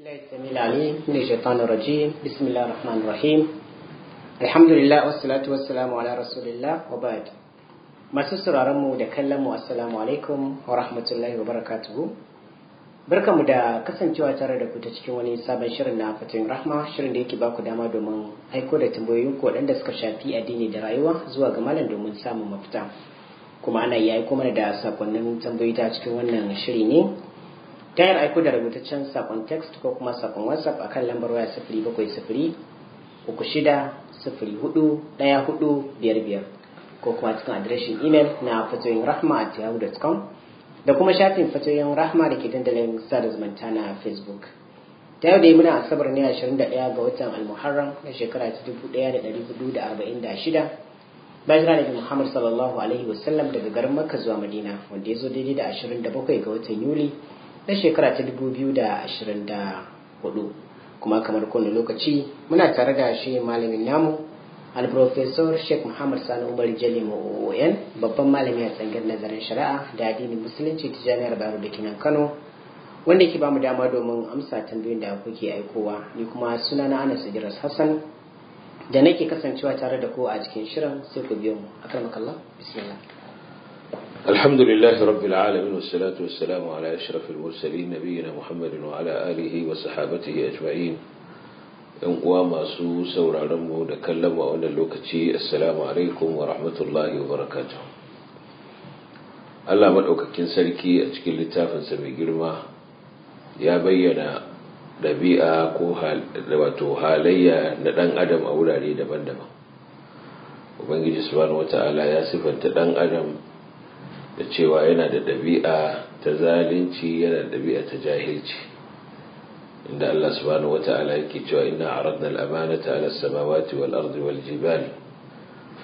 بالله السميع العليم من الشيطان الرجيم بسم الله masu sauraronmu da kallonmu assalamu alaikum wa rahmatullahi wa barakatuhu barkamu da kasancewa tare da kuta cikin wani sabon shirin na fatin rahma shirin da yake ba ku dama domin aiko da tambayoyin ku waɗanda suka shafi addini da rayuwa zuwa ga malam domin samun mafita kuma ana iya aiko mana da sakonnin tambayoyi ta cikin wannan shiri ne ta yin aiko da rubutaccen sakon text ko kuma sakon whatsapp a kan lambar waya sifiri bakwai sifiri uku shida sifiri hudu biyar biyar ko kuma cikin adireshin imel na fatoyin rahma a tiyahu.com da kuma shafin fatoyin rahma da ke dandalin sada zumunta na facebook ta yau da yi muna asabar ne 21 ga watan almuharram na shekara ta 1446 bayan ranar da muhammad sallallahu alaihi wasallam daga garin makka zuwa madina wanda ya zo daidai da 27 ga watan yuli na shekara ta dubu biyu da 2024 kuma kamar kowane lokaci muna tare da shi malamin namu alprofesor sheikh muhammad sani umar jali oon babban malami a tsangar nazarin shari'a da addinin musulunci ta jami'ar bayero da kinan kano wanda ke bamu dama domin amsa tambayoyin da kuke aikowa ni kuma suna na anas idris hassan da nake kasancewa tare da ku a cikin shirin sai ku biyo mu akramakallah bismillah الحمد لله رب العالمين والصلاة والسلام على أشرف المرسلين نبينا محمد وعلى آله وصحابته أجمعين ينقوى ما سو سورة رمو نكلم وأن اللوكتي السلام عليكم ورحمة الله وبركاته Allah maɗaukakin sarki a cikin littafinsa mai girma ya bayyana ɗabi'a ko wato halayya na ɗan adam a wurare daban-daban ubangiji subhanahu wata'ala ya sifanta ɗan adam da cewa yana da dabi'a ta zalunci yana da dabi'a ta jahilci inda Allah subhanahu wata'ala yake cewa inna aradna al-amanata ala as-samawati wal ardi wal jibali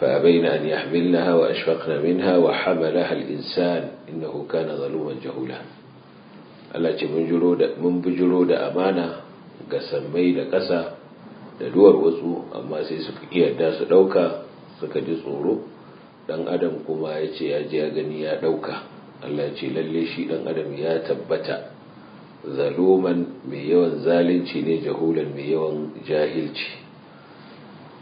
fa abaina an yahmilnaha wa ashfaqna minha wa hamalaha al-insan innahu kana zaluman jahula Allah ce mun jiro da mun bujiro da amana ga sammai da ƙasa da duwar wasu amma sai suka iya da su suka ji tsoro dan adam kuma ya ce ya ji ya gani ya ɗauka Allah ce lalle shi dan adam ya tabbata zaluman mai yawan zalunci ne jahulan mai yawan jahilci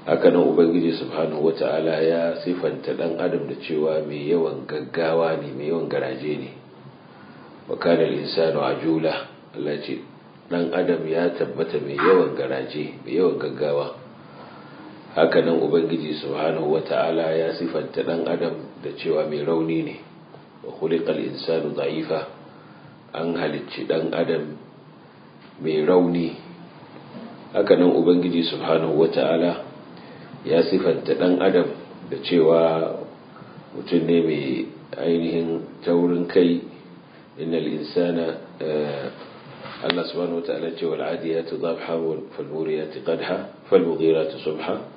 haka nan ubangiji subhanahu wata'ala ya sifanta dan adam da cewa mai yawan gaggawa ne mai yawan garaje ne wa kana al-insanu ajula Allah ce dan adam ya tabbata mai yawan garaje mai yawan gaggawa hakanan ubangiji subhanahu wata'ala ya sifanta dan adam da cewa mai rauni ne wa khuliqal insanu da'ifa an halicci dan adam mai rauni hakanan ubangiji subhanahu wata'ala ya sifanta dan adam da cewa mutum ne mai ainihin taurin kai innal insana eh, Allah subhanahu wata'ala cewa al'adiyatu dhabha wal muriyati qadha fal mughirati subha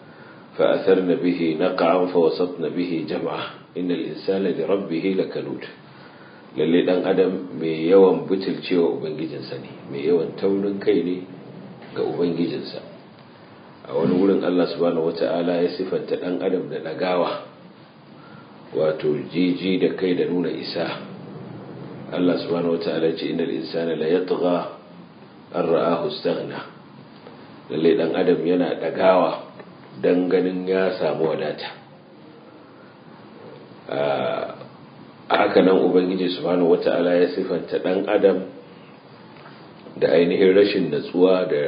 فأثرن به نقعا فوسطن به جمعا إن الإنسان لربه لكنود lalle dan adam mai yawan bitilcewa ubangijinsa ne mai yawan taurin kai ne ga ubangijinsa a wani wurin Allah subhanahu wata'ala ya sifanta dan adam da ɗagawa wato jiji da kai da nuna isa Allah subhanahu wata'ala ya ce innal insana la yatgha an ra'ahu istaghna lalle dan adam yana ɗagawa. don ganin ya samu wadata a haka nan ubangiji subhanahu wata'ala ya sifanta dan adam da ainihin rashin natsuwa da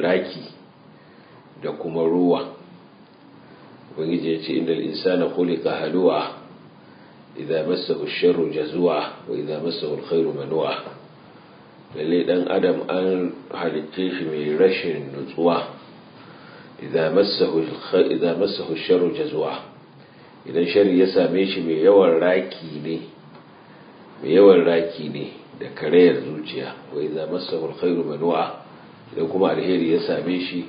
raki da kuma ruwa ubangiji ya ce inda insana ka haluwa idan masa sharru jazuwa wa idan masa alkhairu manuwa lalle dan adam an halitta shi mai rashin nutsuwa idza massahu idza massahu sharru idan sharri ya same shi mai yawan raki ne mai yawan raki ne da karayar zuciya wa idza massahu alkhairu manua idan kuma alheri ya same shi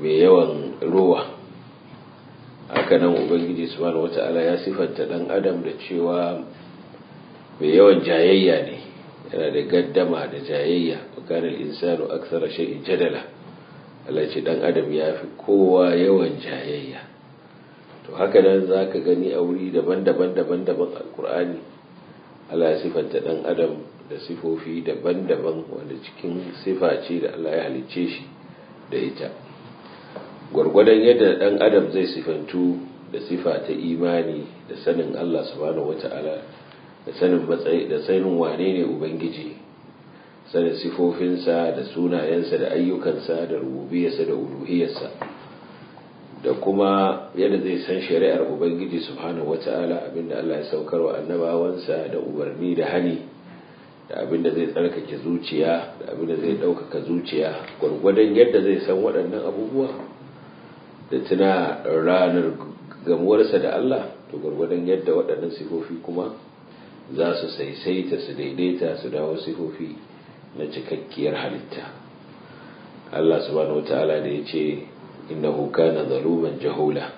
mai yawan ruwa haka nan ubangiji subhanahu wata'ala ya sifanta dan adam da cewa mai yawan jayayya ne yana da gaddama da jayayya bukatar insanu aksara shay'in jadala Allah ce dan adam ya fi kowa yawan jayayya to haka nan za ka gani a wuri daban-daban daban-daban alkur'ani Allah ya sifanta dan adam da sifofi daban-daban wanda cikin sifa ce da Allah ya halicce shi da ita gwargwadon yadda dan adam zai sifantu da sifa ta imani da sanin Allah subhanahu wata'ala da sanin matsayi da sanin wane ne ubangiji sanin sifofinsa da sunayensa da ayyukansa da rububiyarsa da uluhiyarsa da kuma yadda zai san shari'ar ubangiji subhanahu wata'ala abinda Allah ya saukar wa annabawansa da umarni da hani da abinda zai tsarkake zuciya da abinda zai ɗaukaka zuciya gwargwadon yadda zai san waɗannan abubuwa da tuna ranar gamuwarsa da Allah to gwargwadon yadda waɗannan sifofi kuma za su saisaita su daidaita su dawo sifofi na cikakkiyar halitta Allah subhanahu ta'ala da ya ce innahu kana zaluman jahula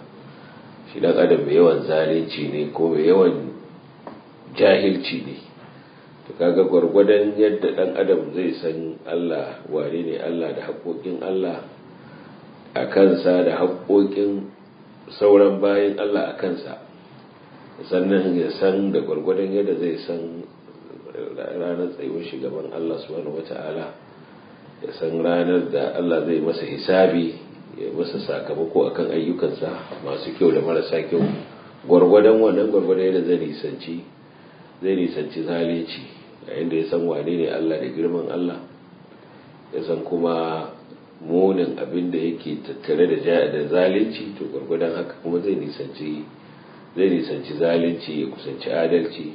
shi da adam mai yawan zalunci ne ko mai yawan jahilci ne to kaga gwargwadon yadda dan adam zai san Allah wane ne Allah da haƙoƙin Allah a kansa da haƙoƙin sauran bayan Allah a kansa sannan ya san da gwargwadon yadda zai san ranar tsayuwar shugaban Allah su subhanahu wata'ala ya san ranar da Allah zai masa hisabi ya masa sakamako akan ayyukansa masu kyau da marasa kyau gwargwadon wannan gwargwadon yadda zai nisanci zai nisanci zalunci yayin da ya san wane ne Allah da girman Allah ya san kuma munin abin da yake tattare da da zalunci to gwargwadon haka kuma zai nisanci zai zalunci ya kusanci adalci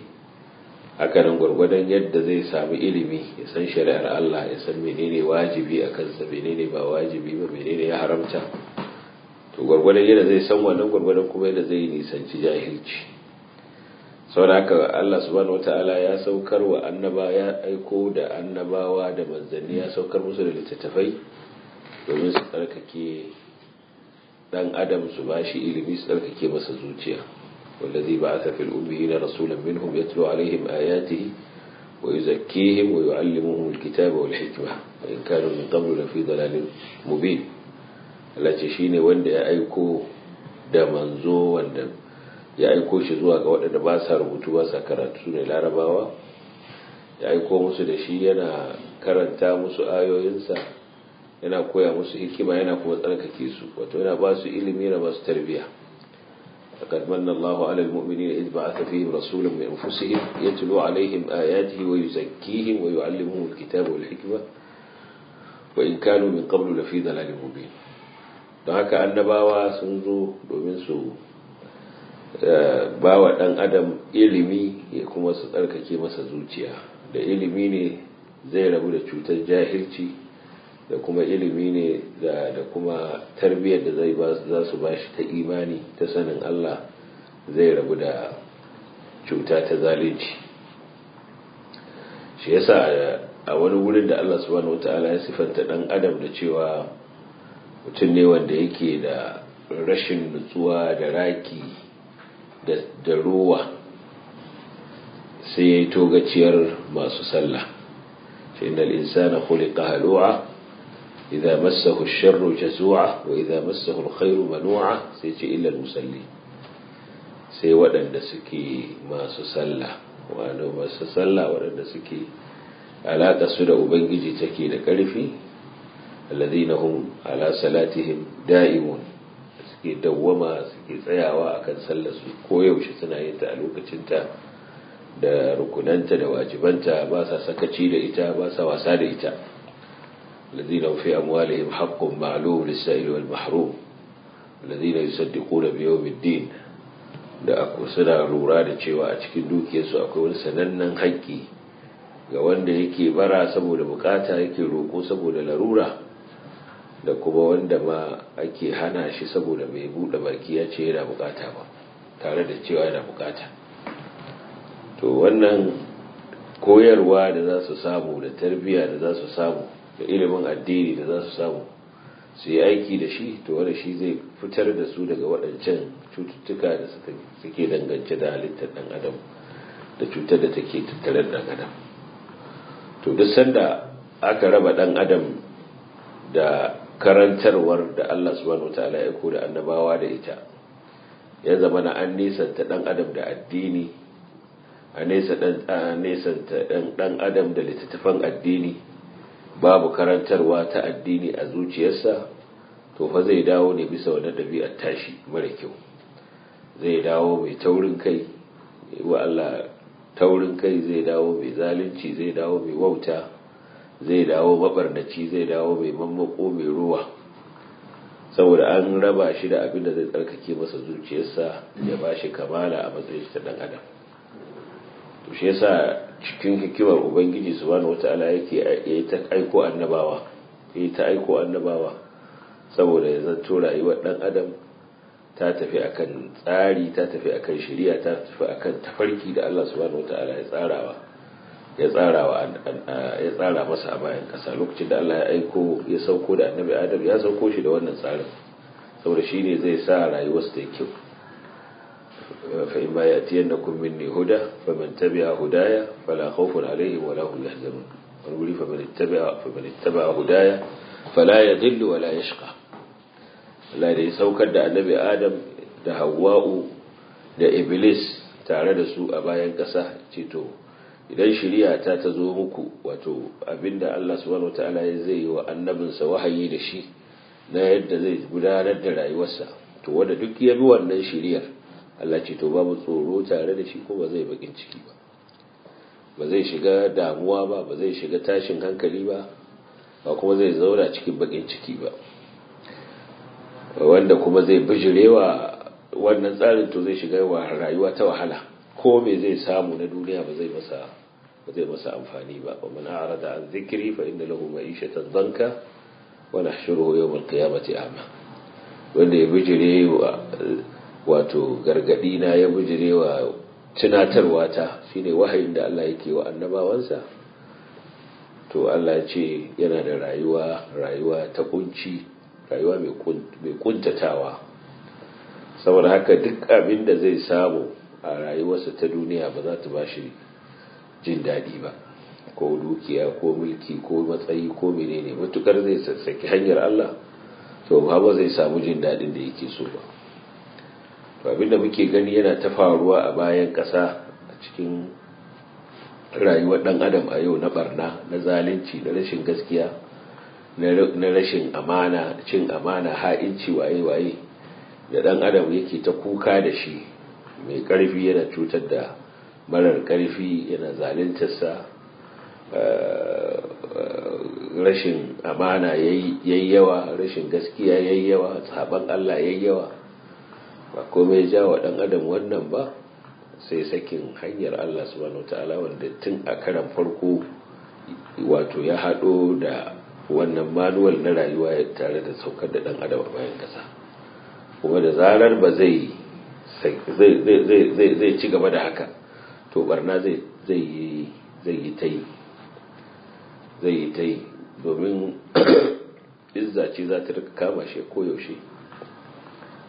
haka nan gwargwadon yadda zai samu ilimi ya san shari'ar Allah ya san menene wajibi a kansa menene ba wajibi ba menene ya haramta to gwargwadon yadda zai san wannan gwargwadon kuma yadda zai nisanci jahilci saboda haka Allah subhanahu wataala ya saukar wa annaba ya aiko da annabawa da manzanni ya saukar musu da littattafai domin su tsarkake dan adam su bashi ilimi su tsarkake masa zuciya والذي بعث في الأميين رسولا منهم يتلو عليهم آياته ويزكيهم ويعلمهم الكتاب والحكمة وإن كانوا من قبل لفي ضلال مبين التي شيني وند أيكو da manzo wanda ya aiko shi zuwa ga waɗanda ba sa rubutu ba sa karatu su ne larabawa ya aiko musu da shi yana karanta musu ayoyinsa yana koya musu hikima yana kuma tsarkake su wato yana ba su ilimi da ba su tarbiyya لقد من الله على المؤمنين إذ بعث فيهم رسولا من أنفسهم يتلو عليهم آياته ويزكيهم ويعلمهم الكتاب والحكمة وإن كانوا من قبل لفي ضلال مبين don haka annabawa sun zo domin su ba wa ɗan adam ilimi ya kuma su tsarkake masa zuciya da ilimi ne zai rabu da cutar jahilci da kuma ilimi ne da kuma tarbiyyar da zai za su ba shi ta imani ta sanin Allah zai rabu da cuta ta zalunci shi yasa a wani wurin da Allah subhanahu wataala ya sifanta dan adam da cewa mutum ne wanda yake da rashin nutsuwa da raki da ruwa sai ya yi togaciyar masu sallah shi al'insa na kuli halu'a idza massahu ash-sharru wa idza massahu al-khairu manu'a sai ce musalli sai waɗanda suke masu sallah wato masu sallah waɗanda suke alaƙa su da ubangiji take da ƙarfi alladhina hum ala salatihim da'imun suke dawwama suke tsayawa akan sallar su koyaushe suna yin ta a lokacin ta da rukunanta da wajibanta ba sa sakaci da ita ba sa wasa da ita الذين في أموالهم حق معلوم للسائل والمحروم الذين يصدقون بيوم الدين da aku suna lura da cewa a cikin dukiyarsu akwai wani sanannen haƙƙi ga wanda yake bara saboda bukata yake roƙo saboda larura da kuma wanda ma ake hana shi saboda mai buɗe baki ya ce yana bukata ba tare da cewa yana bukata to wannan koyarwa da za su samu da tarbiyya da za su samu da ilimin addini da za su samu su yi aiki da shi to wani shi zai fitar da su daga waɗancan cututtuka da suke dangance da halittar ɗan adam da cutar da take tattare ɗan adam to duk sanda aka raba ɗan adam da karantarwar da Allah subhanahu ala'i ya da annabawa da ita ya zama na an nisanta ɗan adam da addini a nesanta ɗan adam da littattafan addini babu karantarwa ta addini a zuciyarsa to fa zai dawo ne bisa wani ɗabi'ar tashi mara kyau zai dawo mai taurin kai wa Allah taurin kai zai dawo mai zalunci zai dawo mai wauta zai dawo mabarnaci zai dawo mai mammako mai ruwa saboda an raba shi da abin da zai tsarkake masa zuciyarsa ya ba shi kamala a matsayin shi ta dan adam to shi yasa cikin hikimar ubangiji wata ala yake ya ta aiko annabawa ta aiko annabawa saboda ya zato rayuwar dan adam ta tafi akan tsari ta tafi akan shari'a ta tafi akan tafarki da Allah subhanahu wata'ala ya tsarawa ya tsarawa ya tsara masa a bayan kasa lokacin da Allah ya aiko ya sauko da annabi Adam ya sauko shi da wannan tsarin saboda ne zai sa rayuwarsa ta yi kyau Fa fa kun huda, فإما يأتينكم مني هدى فمن تبع هدايا فلا خوف عليهم ولا هم يحزنون ونقول فمن اتبع فمن اتبع هدايا فلا يضل ولا يشقى Allah da ya saukar da annabi Adam da Hawwa'u da Iblis tare da su a bayan ƙasa to idan shari'a ta ta zo muku wato abinda Allah subhanahu wataala ya zai yi wa annabinsa wahayi da shi na yadda zai gudanar da rayuwarsa to wanda duk ya bi wannan shari'ar Allah ce to babu tsoro tare da shi ko ba zai bakin ciki ba ba zai shiga damuwa ba ba zai shiga tashin hankali ba ba kuma zai zauna cikin bakin ciki ba wanda kuma zai bijirewa wannan tsarin to zai shiga wa rayuwa ta wahala ko me zai samu na duniya ba zai masa ba zai masa amfani ba wa man arada an zikri fa inna lahu ma'ishatan danka wa nahshuruhu yawm al-qiyamati a'ma wanda ya bijire wato gargadi na ya bujirewa tunatarwa ta shine wahayin da Allah yake wa annabawansa to Allah ce yana da rayuwa rayuwa ta kunci rayuwa mai kuntatawa saboda haka duk abin da zai samu a rayuwarsa ta duniya ba za ta ba shi jin daɗi ba ko dukiya ko mulki ko matsayi ko menene matukar zai sassaki hanyar Allah to ba zai samu jin daɗin da yake so ba abin da muke gani yana ta faruwa a bayan ƙasa a cikin rayuwar ɗan adam a yau na barna na zalunci na rashin gaskiya na rashin amana cin amana ha'inci waye-waye da ɗan adam yake ta kuka da shi mai karfi yana cutar da marar ƙarfi yana zaluntarsa eh, rashin amana yayyawa yawa rashin gaskiya yayyawa yawa saban Allah yayi yawa ba komai ja wa ɗan adam wannan ba sai sakin hanyar Allah subhanahu ta'ala wanda tun a karan farko wato ya haɗo da wannan manuwal na rayuwa ya tare da saukar da ɗan'adam adam a bayan kasa kuma da zarar ba zai ci gaba da haka to barna zai yi ta yi zai yi ta yi domin izza za ta rika kama shi koyaushe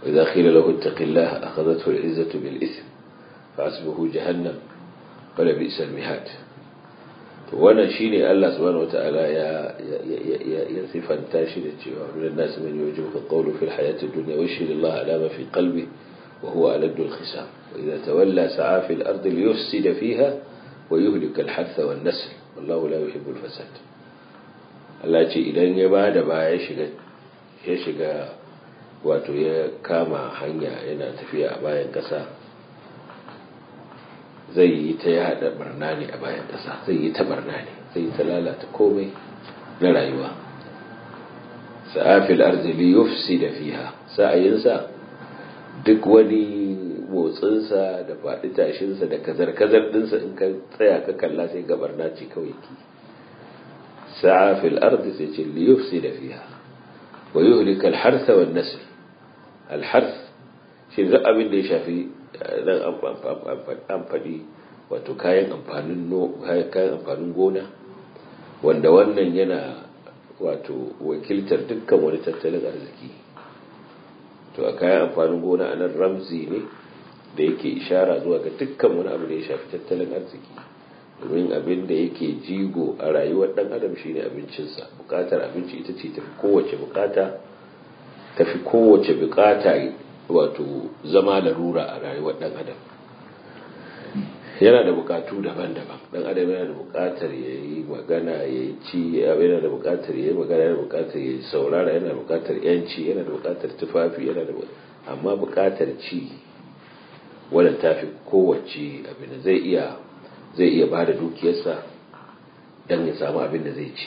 وإذا خيل له اتق الله أخذته العزة بالإثم فعسبه جهنم قال بئس المهاد وانا شيني الله سبحانه وتعالى يا يا يا يا يا يا من الناس من يعجبك القول في الحياة الدنيا واشهد الله على ما في قلبه وهو ألد الخصام وإذا تولى سعى في الأرض ليفسد فيها ويهلك الحث والنسل والله لا يحب الفساد الله شيء إذا نبعد بعيش يشقى wato ya kama hanya yana tafiya a bayan ƙasa zai yi ta yada barna ne a bayan ƙasa zai yi ta barna ne zai yi ta lalata komai na rayuwa sa'afil arzili yufsi da fiha sa'ayinsa duk wani motsinsa da faɗi tashinsa da kazar-kazar ɗinsa in ka tsaya ka kalla sai barna ce kawai ki sa'a arzili sai ce liyufsi yufsi da fiha wa yuhlika al harsa wan nasl alhars shi duk abin da ya shafi eh, nan amfani wato kayan amfanin kayan amfanin gona wanda wannan yana wato wakiltar dukkan wani tattalin arziki to a kayan amfanin gona a nan ramzi ne da yake ishara zuwa ga dukkan wani abu da ya shafi tattalin arziki domin abin da yake jigo a rayuwar dan adam shine abincinsa bukatar abinci ita ce ta kowace bukata tafi kowace bukata wato zama da rura a rayuwar dan adam yana da bukatu daban-daban dan adam yana da bukatar ya yi magana yi ci yana da bukatar ya yi magana yana da bukatar ya yi saurara yana da bukatar yanci yana da bukatar tufafi yana da amma bukatar ci ta tafi kowace abin zai iya zai iya bada dukiyarsa dan ya samu abin da zai ci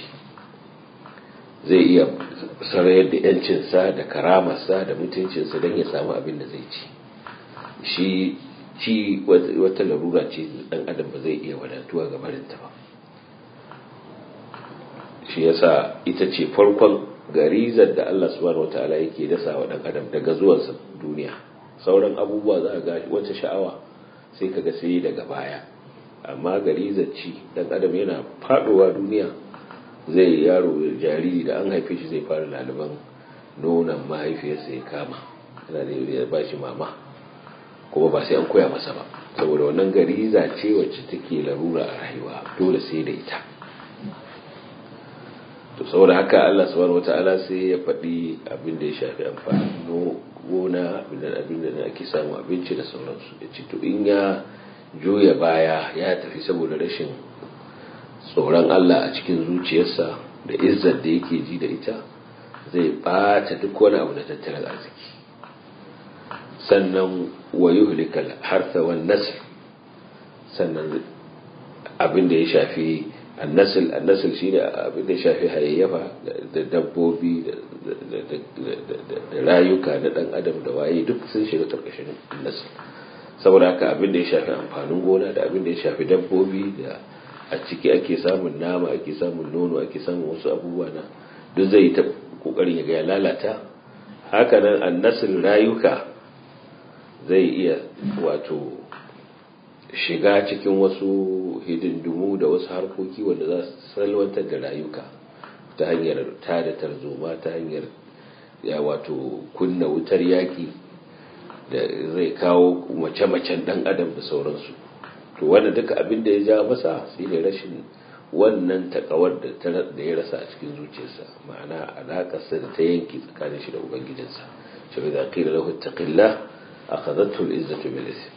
zai iya sarayar da yancinsa da karamarsa da mutuncinsa don ya samu abin da zai ci shi ci wata larura ce dan adam ba zai iya wadatuwa ga barinta ba shi yasa ita ce farkon garizar da Allah subhanahu wataala yake dasa wa dan adam daga zuwansa duniya sauran abubuwa za a ga wata sha'awa sai kaga sai daga baya amma garizar ci dan adam yana faɗowa duniya zai yaro jariri da an haife shi zai fara laliban nonon mahaifiyarsa ya kama yana da ya ba shi mama kuma ba sai an koya masa ba saboda wannan gariza ce wacce take larura a rayuwa dole sai da ita to saboda haka Allah subhanahu wataala sai ya faɗi abin da ya shafi amfanin gona abin da ake samu abinci da sauransu ya ci, to in ya juya baya ya tafi saboda rashin tsoron Allah a cikin zuciyarsa da izzar da yake ji da ita zai bata duk wani abu da tattalin arziki sannan wayo yuhlikal hartha wan nasl sannan abin da ya shafi annasil shi ne abin da ya shafi hayayyafa da dabbobi da rayuka na dan adam da waye duk sun shiga karkashin annasil saboda haka abin da ya shafi amfanin gona da abin da ya shafi dabbobi da a ciki ake samun nama ake samun nono ake samun wasu abubuwa na duk zai ta kokarin ya ga ya lalata nan annasin rayuka zai iya wato shiga cikin wasu hidindumu da wasu harkoki wanda za su salwantar da rayuka ta hanyar tada tarzoma ta hanyar ya wato kunna wutar yaki da zai kawo mace-macen dan adam da sauransu to wannan duka abin da ya ja masa shi ne rashin wannan takawar da ya rasa a cikin zuciyarsa ma'ana alaƙarsa da ta yanki tsakanin shi da ubangijinsa shi bai da kira lahu taqilla akhadhathu al-izzatu bil ism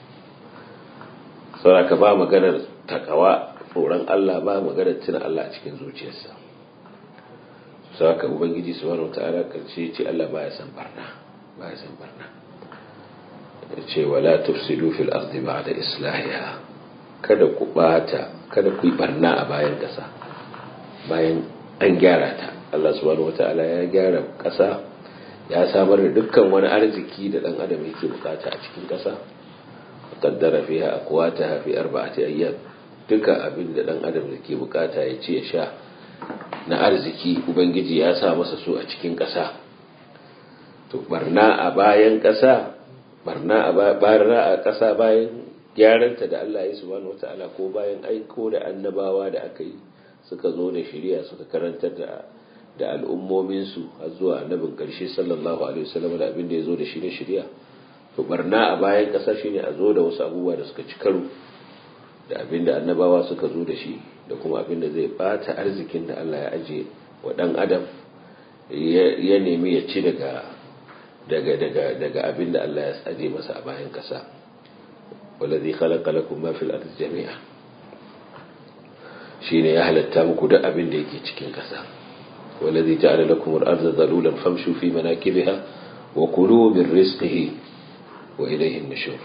ka ba maganar takawa tsoron Allah ba maganar tuna Allah a cikin zuciyarsa saboda ubangiji wata wataala karshe ce Allah ba ya san barna Ya san barna ce wala tufsidu fil ardi da islahiha kada ku bata kada ku yi barna a bayan ƙasa bayan an gyara ta Allah subhanahu wataala ya gyara ƙasa ya samar da dukkan wani arziki da dan adam yake bukata a cikin ƙasa qaddara fiha aqwataha fi arba'ati ayyam duka abin da dan adam yake bukata ya ce ya sha na arziki ubangiji ya sa masa su a cikin ƙasa to barna a bayan ƙasa barna a barna a ƙasa bayan gyaranta da Allah ya subhanahu wata'ala ko bayan aiko da annabawa da aka yi suka zo da shari'a suka karantar da al'ummominsu har zuwa annabin karshe sallallahu alaihi wasallam da abin da ya zo da shi na shari'a to barna a bayan ƙasa shine a zo da wasu abubuwa da suka ci karo da abin da annabawa suka zo da shi da kuma abin da zai bata arzikin da Allah ya aje wa dan adam ya nemi ya ci daga daga daga abin da Allah ya aje masa a bayan ƙasa wallazi khalaqa lakum ma fil ardi jami'a shine ya halatta muku duk abin da yake cikin ƙasa wallazi ja'ala lakum al-ardha dhalulan famshu fi manakibiha wa kulu min rizqihi wa ilayhi an-nushur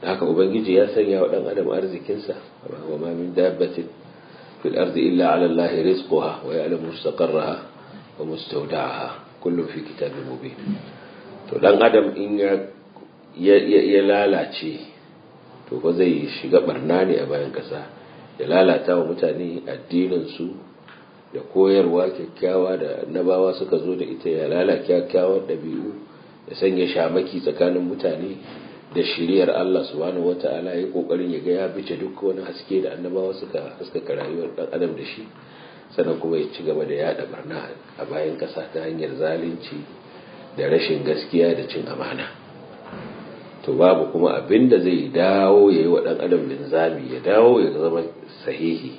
haka ubangiji ya sanya wa ɗan adam arzikinsa wa ma min dabbatin fil ardi illa 'ala allahi rizquha wa wa fi to dan adam in ya lalace to ba zai shiga barna ne a bayan ƙasa ya lalata wa mutane addininsu da koyarwa kyakkyawa da annabawa suka zo da ita ya lalata kyakkyawar ɗabi'u ya sanya shamaki tsakanin mutane da shiriyar Allah subhanahu wata'ala ya kokarin ya ga ya bice duk wani haske da annabawa suka haskaka rayuwar dan adam da shi sannan kuma ya ci gaba da yada barna a bayan kasa ta hanyar zalunci da rashin gaskiya da cin amana to babu kuma abin da zai dawo ya yi wa ɗan adam linzami ya dawo ya zama sahihi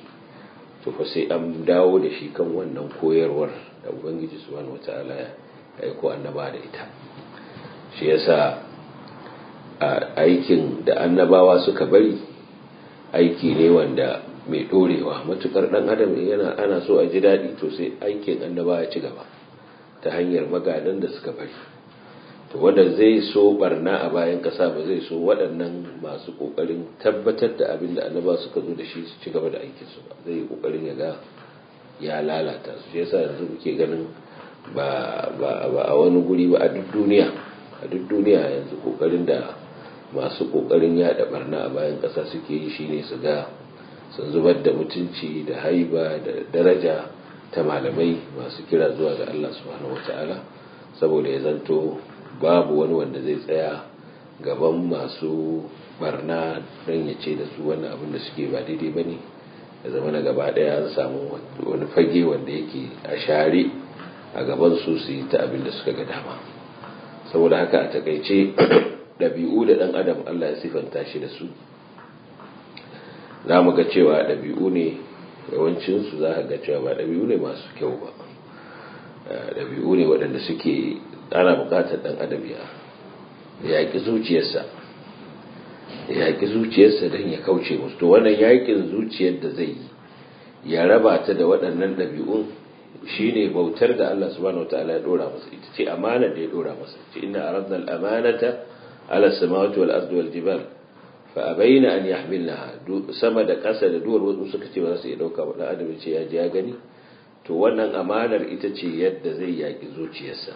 to fa sai an dawo da shi kan wannan koyarwar da ubangiji subhanahu wataala ya aiko annaba da ita shi yasa aikin da annabawa suka bari aiki ne wanda mai ɗorewa. matukar dan adam yana ana so a ji daɗi to sai aikin annabawa ya ci gaba ta hanyar maganan da suka bari to wanda zai so barna a bayan kasa ba zai so waɗannan masu kokarin tabbatar da abin da annaba suka zo da shi su ci gaba da aikin su ba zai yi kokarin ya ga ya lalata su shi yasa yanzu muke ganin ba ba ba a wani guri ba a duk duniya a duk duniya yanzu kokarin da masu ƙoƙarin yaɗa barna a bayan ƙasa suke yi shine su ga sun zubar da mutunci da haiba da daraja ta malamai masu kira zuwa ga Allah subhanahu wataala saboda ya zanto babu wani wanda zai tsaya gaban masu barna don ya ce da su wani abin da suke ba daidai ba ne da zama na gaba daya an samu wani fage wanda yake a share a gaban su su yi ta abin da suka ga dama saboda haka a takaice ɗabi'u da ɗan adam allah ya sifanta shi da su zamu ga cewa ɗabi'u ne yawancinsu za ka ga cewa ba ɗabi'u ne masu kyau ba eh, ɗabi'u ne waɗanda suke ana bukatar dan adam ya yaƙi zuciyarsa yaki zuciyarsa don ya kauce musu to wannan yakin zuciyar da zai yi ya raba ta da waɗannan ɗabi'un shine bautar da Allah subhanahu wataala ya dora masa ita ce amana da ya dora masa ce inna aradna al-amanata ala samawati wal ardi wal jibal fa abaina an yahmilnaha sama da ƙasa da duwar wasu suka ce ba za su iya dauka ba dan adam ya ce ya ji ya gani to wannan amanar ita ce yadda zai yaki zuciyarsa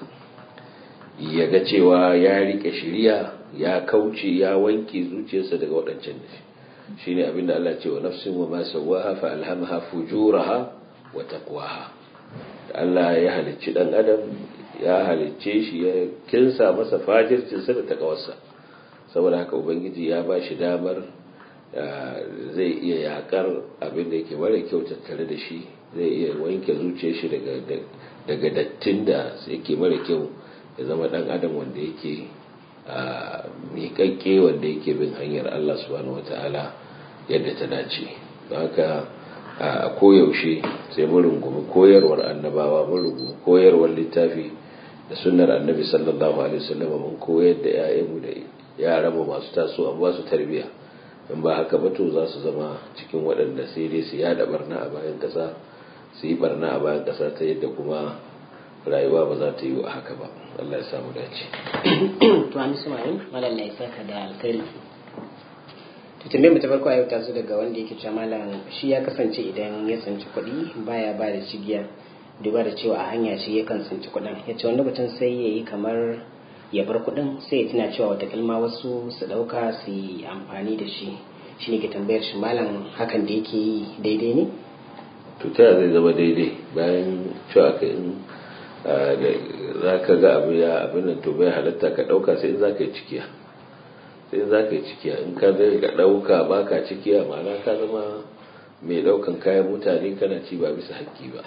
ya ga cewa ya rike shirya ya kauce ya wanke zuciyarsa daga waɗancan shi ne abinda Allah ce wa nafsin wa ma sawaha fa alhamaha fujuraha wa taqwaha Allah ya halicci dan adam ya halicce shi ya kinsa masa fajircinsa da takawarsa saboda haka ubangiji ya ba shi damar zai iya yakar abinda yake mara kyau tattare da shi zai iya wanke zuciyar daga dattin da yake mara kyau ya zama dan adam wanda yake miƙaƙƙe wanda yake bin hanyar Allah subhanahu wata'ala yadda ta dace haka a koyaushe sai mu rungumi koyarwar annabawa mu rungumi koyarwar littafi da sunnar annabi sallallahu alaihi wasallam mun koyar da ƴaƴanmu da yaran mu masu taso an ba su tarbiyya in ba haka ba to za su zama cikin waɗanda sai dai su yada barna a bayan ƙasa su yi barna a bayan ƙasa ta yadda kuma rayuwa ba za ta yi wa haka ba Allah ya samu dace to an Ismail malam na saka da alkhairi to tambayar mu ta farko yau su daga wanda yake cewa malam shi ya kasance idan ya tsinci kuɗi baya ba da cigiya duba da cewa a hanya shi ya kan tsinci kuɗin ya ce wani mutum sai ya yi kamar ya bar kuɗin sai ya tuna cewa wata kalma wasu su ɗauka su yi amfani da shi shi ne ke tambayar shi malam hakan da yake yi daidai ne? to zai zama daidai bayan cewa ka za ka ga abu ya abin nan to bai halatta ka ɗauka sai in za ka yi cikiya sai in za ka yi cikiya in ka zai ga ɗauka ba ka cikiya ma'ana ka zama mai ɗaukan kayan mutane kana ci ba bisa haƙƙi ba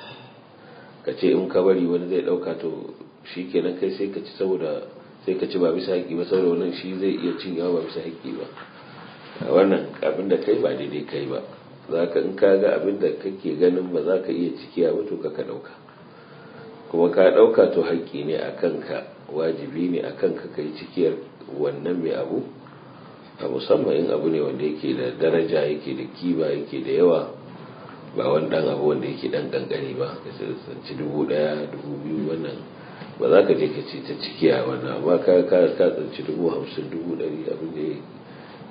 ka ce in ka bari wani zai ɗauka to shi kenan kai sai ka ci saboda sai ka ci ba bisa haƙƙi ba saboda wannan shi zai iya yawa ba bisa haƙƙi ba wannan abin da kai ba daidai kai ba za ka in ka ga abin da kake ganin ba za ka iya cikiya ba to ka ka ɗauka kuma ka ɗauka to haƙƙi ne a kanka wajibi ne a kanka kai cikiyar wannan mai abu a musamman in abu ne wanda yake da daraja yake da kiba yake da yawa ba wannan abu wanda yake ɗan ƙanƙani ba ka tsanci dubu ɗaya dubu biyu wannan ba za ka je ka ce ta cikiya wannan amma ka tsanci dubu hamsin dubu ɗari abin da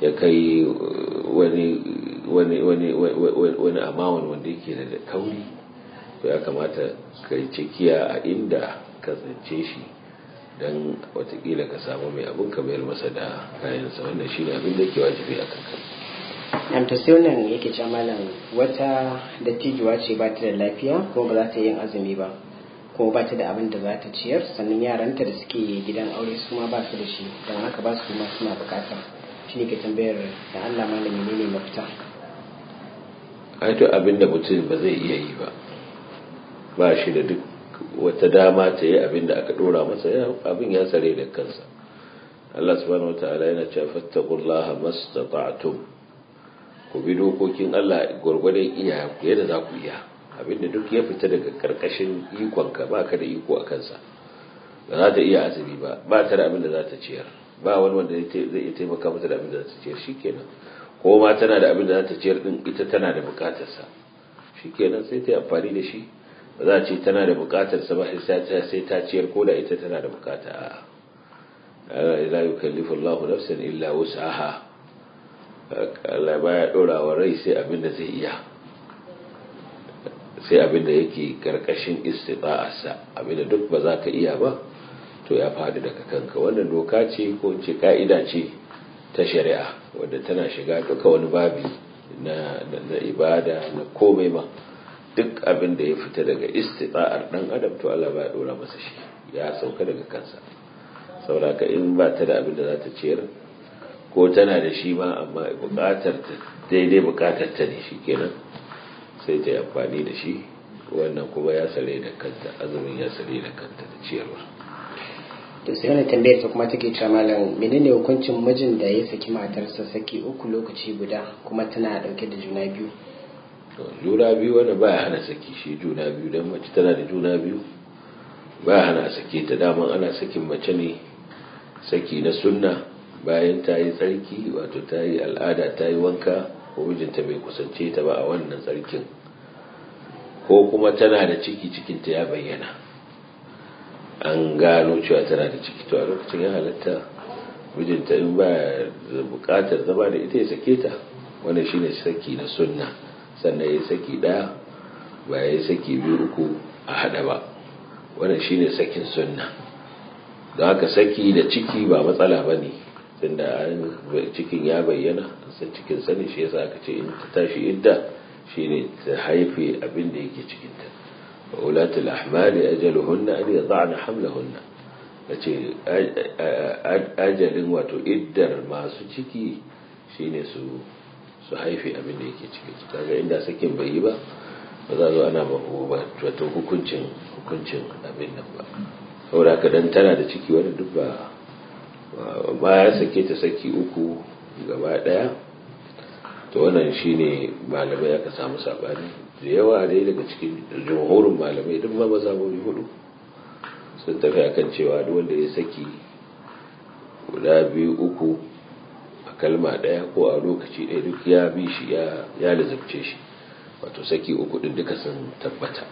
ya kai eh, wani wani wani wani amawan wanda yake da kauri to ya kamata ka yi cikiya a inda ka tsince shi don watakila ka samu mai abin ka mayar masa da kayansa wannan shi ne abin da ke wajibi a kanka yan ta sai wannan yake ce malam wata dattijuwa ce ba ta da lafiya ko ba za ta yin azumi ba ko ba ta da abin da za ta ciyar sannan yaranta da suke gidan aure su ma ba su da shi don haka ba su ma suna bukata shi ne ke tambayar da allah malam ne ne mafita abin da mutum ba zai iya yi ba ba shi da duk wata dama ta yi abin da aka dora masa abin ya tsare da kansa Allah subhanahu ta'ala yana cewa fattaqullaha mastata'tum ku bi dokokin Allah gurgurdan iya ku yadda za ku iya abinda duk ya fita daga karkashin ikonka ka da iko a kansa ba za ta iya azumi ba ba ta da abin da za ta ciyar ba wani wanda zai iya taimaka mata da abin da za ta ciyar shikenan ko ma tana da abin da za ta ciyar din ita tana da bukatarsa shikenan sai ta yi amfani da shi ba za a ce tana da bukatar sa ba sai ta ciyar ko da ita tana da bukata a la yukallifu Allahu nafsan illa wus'aha Allah baya dora wa rai sai abin da zai iya sai abin da yake karkashin istita'arsa abin da duk ba za ka iya ba to ya faɗi daga kanka wannan doka ce ko ce ka'ida ce ta shari'a wadda tana shiga duka wani babi na ibada na komai ma duk abin da ya fita daga istiba'ar dan adam to Allah ba ya dora masa shi ya sauka daga kansa saboda in ba ta da abin da za ta ciyar ko tana da shi ba amma bukatar ta daidai bukatar ta ne shikenan sai ta yi amfani da shi wannan kuma ya sare da kanta azumin ya sare da kanta da ciyarwa to sai wani tambayar ta kuma take cewa malam menene hukuncin mijin da ya saki matarsa saki uku lokaci guda kuma tana dauke da juna biyu juna biyu wanda ba hana saki shi juna biyu don mace tana da juna biyu ba hana sake ta daman ana sakin mace ne saki na sunna bayan ta yi tsarki wato ta yi al'ada ta yi wanka ko mijinta bai kusance ta ba a wannan tsarkin ko kuma tana da ciki cikinta ya bayyana an gano cewa tana da ciki to a lokacin ya halatta mijinta in ba bukatar zama da ita ya sake ta Wani shine saki na sunna sannan ya saki ɗaya ba ya saki biyu uku a hada ba wannan shine sakin sunna don haka saki da ciki ba matsala ba ne tunda cikin ya bayyana san cikin sani shi yasa aka ce in ta tashi idda shine ta haife abin da yake cikinta wa ulatul ahmal ajaluhunna an yadhana hamlahunna yace ajalin wato iddar masu ciki shine su su haife abin da yake cikin su kaga inda sakin bai yi ba ba za zo ana babu ba wato hukuncin hukuncin abin nan ba saboda haka dan tana da ciki wani duk ba ba ya sake ta saki uku gaba daya to wannan shine malamai aka samu sabani da yawa dai daga cikin jumhurin malamai duk ba mazhabobi hudu sun tafi akan cewa duk wanda ya saki guda biyu uku kalma ɗaya ko a lokaci ɗaya duk ya bi shi ya lizabce shi wato saki uku ɗin duka sun tabbata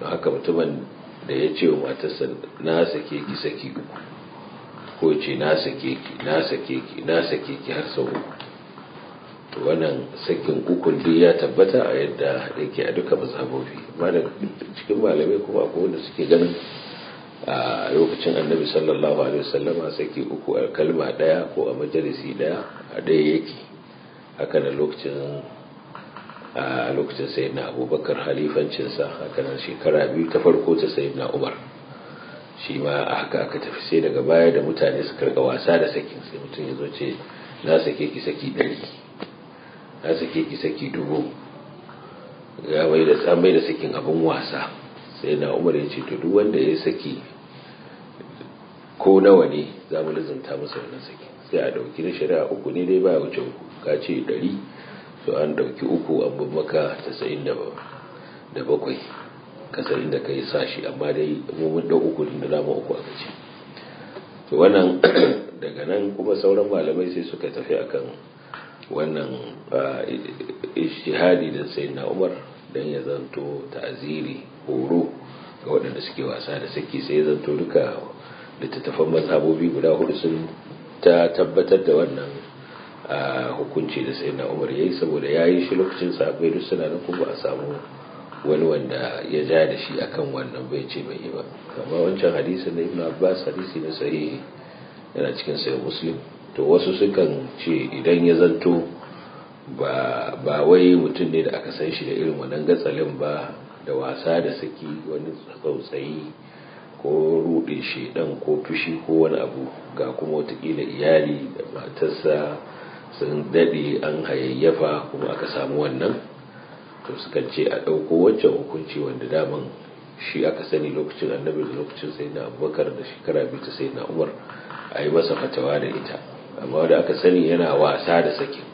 don haka mutumin da ya ce wa matarsa na sake ki saki uku ko ce na sake ki na sake ki na sake ki har sau to wannan sakin uku duk ya tabbata a yadda yake a duka mazhabobi ma da cikin malamai kuma akwai wanda suke ganin a lokacin annabi sallallahu alaihi wasallama saki uku a kalma daya ko a majalisi daya a daya yake haka da lokacin a lokacin sayyidina abubakar halifancinsa haka nan shekara biyu ta farko ta sayyidina umar shi ma a haka aka tafi sai daga baya da mutane su karga wasa da sakin sai mutum ya zo ce na sake ki saki dari na sake ki saki dubu ya mai da sakin abin wasa sai na umar ya ce to duk wanda ya saki ko nawa ne za mu lazumta masa wannan saki sai a dauki na shari'a uku ne dai baya wuce uku ka ce ɗari so an dauki uku an maka tasa'in da bakwai kasarin da ka yi sashi amma dai mummun da uku din da dama uku aka ce to wannan daga nan kuma sauran malamai sai suka tafi akan wannan ah, ishihadi da sai na umar don ya zanto ta'aziri horo ga waɗanda suke wasa da saki sai zanto duka littattafan mazhabobi guda hudu sun ta tabbatar da wannan hukunci da sai na umar yayi saboda ya yi shi lokacin sabai duk suna nan kuma a samu wani wanda ya ja da shi akan wannan bai ce bai yi ba amma wancan hadisin na ibn abbas hadisi na sahihi yana cikin sahih muslim to wasu sukan ce idan ya zanto ba wai mutum ne da aka san shi da irin wannan gatsalin ba da wasa da saki wani tsautsayi ko shi shedan ko fushi ko wani abu ga kuma watakila iyali da matarsa sun daɗe an hayayyafa kuma aka samu wannan to suka ce a ɗauko wancan hukunci wanda daman shi aka sani lokacin annabi da lokacin sai na abubakar da shekara biyu ta sai na umar a yi masa fatawa da ita amma da aka sani yana wasa da sakin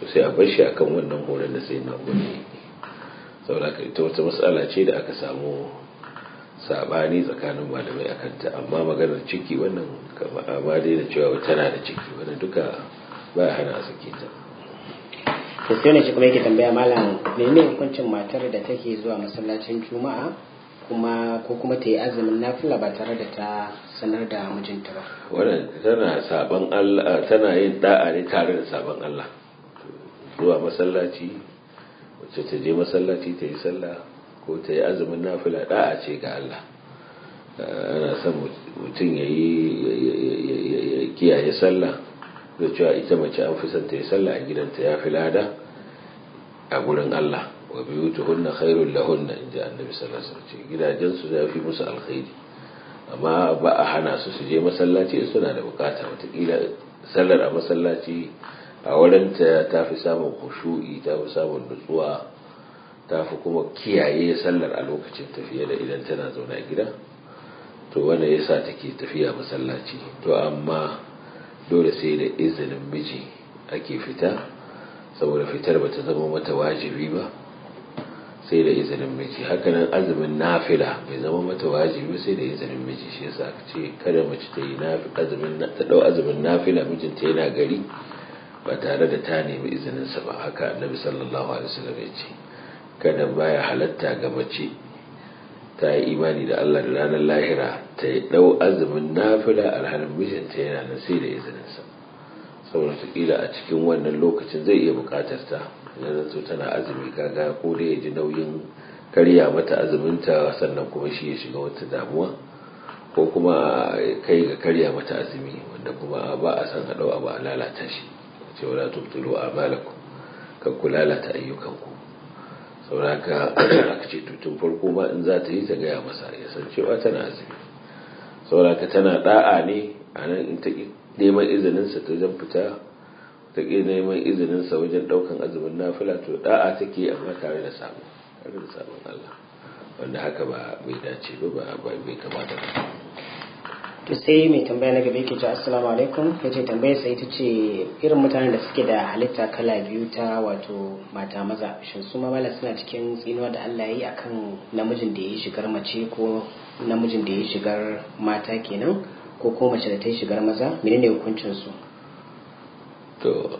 to sai a bar akan wannan horon da sai na umar ne saboda ka ita wata matsala ce da aka samu sabani tsakanin malamai a kanta amma maganar ciki wannan ba dai da cewa tana da ciki wannan duka ba hana a sake ta to sai shi kuma yake tambaya malam menene hukuncin matar da take zuwa masallacin juma'a kuma ko kuma ta yi azumin nafila ba tare da ta sanar da mijinta ba wannan tana saban Allah tana yin da'a ne tare da saban Allah zuwa masallaci ta ta je masallaci ta yi sallah ko ta yi azumin nafila da'a ce ga Allah ana son mutum ya yi kiyaye sallah da cewa ita mace an fi son ta yi sallah a gidanta ya fi lada a gurin Allah wa biyutuhunna khairul lahunna inji annabi sallallahu alaihi wasallam gidajen su ya fi musu alkhairi amma ba a hana su su je masallaci suna da bukata kila sallar a masallaci a wurinta ta fi samun kushu'i ta fi samun nutsuwa ta fi kuma kiyaye sallar a lokacin tafiya da idan tana zauna gida to wanda ya sa take tafiya masallaci to amma dole sai da izinin miji ake fita saboda fitar ba ta zama mata wajibi ba sai da izinin miji hakanan azumin nafila mai zama mata wajibi sai da izinin miji shi yasa ce kada mace ta yi azumin nafila mijinta yana gari ba tare da ta nemi izininsa ba haka annabi sallallahu alaihi wasallam ya ce kada baya halatta ga mace ta yi imani da Allah da ranar lahira ta yi dau azumin nafila alhalin mijinta yana nan sai da izininsa saboda kila a cikin wannan lokacin zai iya bukatar ta yana so tana azumi kaga ko da ya ji nauyin karya mata azuminta sannan kuma shi ya shiga wata damuwa ko kuma kai ga karya mata azumi wanda kuma ba a san a dau abu a lalata shi ce wala a a'malakum ka kula lata ayyukanku sauraka aka ce tutun farko ba in za ta yi ta gaya masa ya san cewa tana azumi sauraka tana da'a ne a nan in ta neman izininsa ta zan fita ta ƙi neman izininsa wajen ɗaukan azumin nafila to da'a take amma tare da samu samun Allah wanda haka ba bai dace ba ba bai kamata ba to sai mai tambaya na gaba yake ce assalamu alaikum ya ce tambaya sai ta ce irin mutanen da suke da halitta kala biyu ta wato mata maza shin su ma mala suna cikin tsinuwa da Allah yi akan namijin da ya yi shigar mace ko namijin da ya yi shigar mata kenan ko ko mace da ta yi shigar maza menene hukuncin su to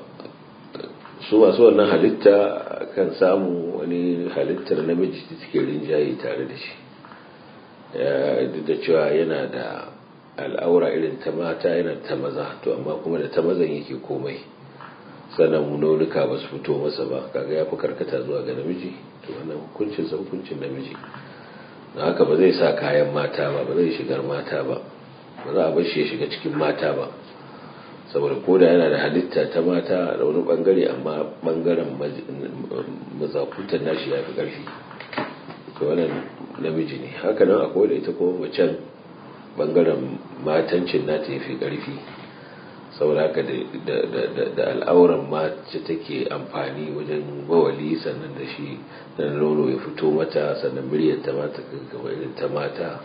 su masu wannan halitta kan samu wani halittar namiji da suke rinjaye tare da shi eh, duk da cewa yana da al'aura irin ta mata yana ta maza to amma kuma da ta mazan yake komai sannan nolika ba su fito masa ba kaga ya fi karkata zuwa ga namiji to wannan hukuncin sa hukuncin namiji na haka ba zai sa kayan mata ba ba zai shigar mata ba ba za a bar shi ya shiga cikin mata ba saboda koda yana da halitta ta mata da wani bangare amma bangaren mazakutan nashi yafi fi karfi to wannan namiji ne haka nan akwai da ita kuma macen bangaren matancin na ta fi ƙarfi sauraka da al'auran mace take amfani wajen bawali sannan da shi dan nono ya fito mata sannan muryarta ta mata, gaba irin ta mata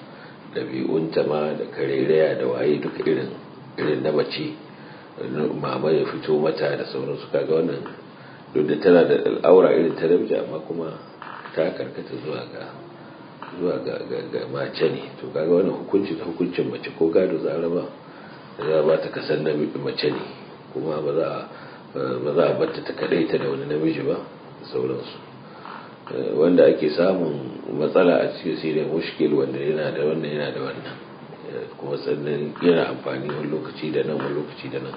ta ma da karereya da waye duk irin irin na mace mama ya fito mata da sauran suka ga wannan duk da tana da al'aura irin ta namiji amma kuma ta karkata zuwa ga zuwa ga mace ne to kaga wani hukunci ta hukuncin mace ko gado za a raba za a ba ta kasan na mace ne kuma ba za a za a batta ta kadaita da wani namiji ba da sauransu eh, wanda ake samun matsala a cikin sirri mushkil wanda yana da wannan yana da wannan eh, kuma sannan yana amfani wani lokaci da nan wani lokaci da nan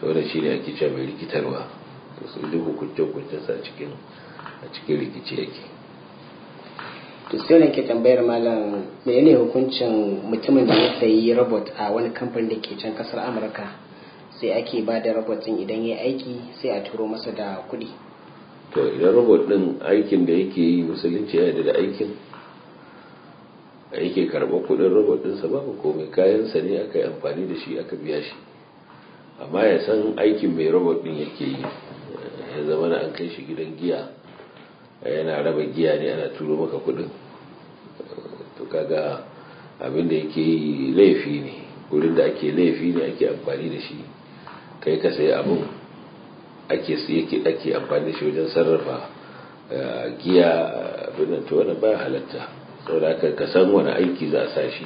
saboda shi ne ake cewa mai rikitarwa to su duk hukunce-hukuncensa a cikin rikici yake to ke tambayar malam menene hukuncin mutumin da ya sayi robot a wani kamfanin da ke can kasar amurka sai ake ba da robot idan ya aiki sai a turo masa da kuɗi to idan robot ɗin aikin da yake yi musulunci ya da aikin yake karɓa kuɗin robot ɗinsa babu komai kayansa ne aka yi amfani da shi aka biya shi amma ya san aikin mai robot ɗin yake yi ya zama na an kai shi gidan giya yana raba giya ne ana turo maka kudin to kaga abin da yake yi laifi ne wurin da ake laifi ne ake amfani da shi kai ka sayi abin ake yake ake amfani da shi wajen sarrafa eh, giya abin to wannan ba halatta saboda haka ka san wani aiki za a sa shi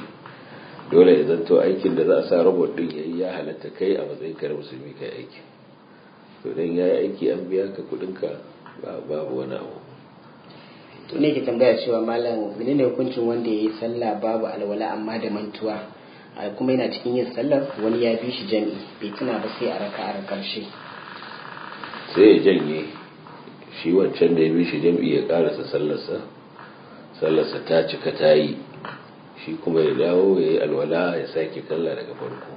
dole ya zanto aikin da za a sa robot din yayi ya halatta kai a matsayin ka musulmi kai aiki to dan yayi aiki an biya ka kudin ka babu wani abu to ne ke tambaya cewa malam menene hukuncin wanda ya yi sallah babu alwala amma da mantuwa kuma yana cikin yin sallar wani ya bi shi jami'i bai tuna ba sai a raka a karshe sai ya janye shi wancan da ya bi shi jami'i ya karasa sallarsa sallarsa ta cika ta yi shi kuma ya dawo ya yi alwala ya sake kalla daga farko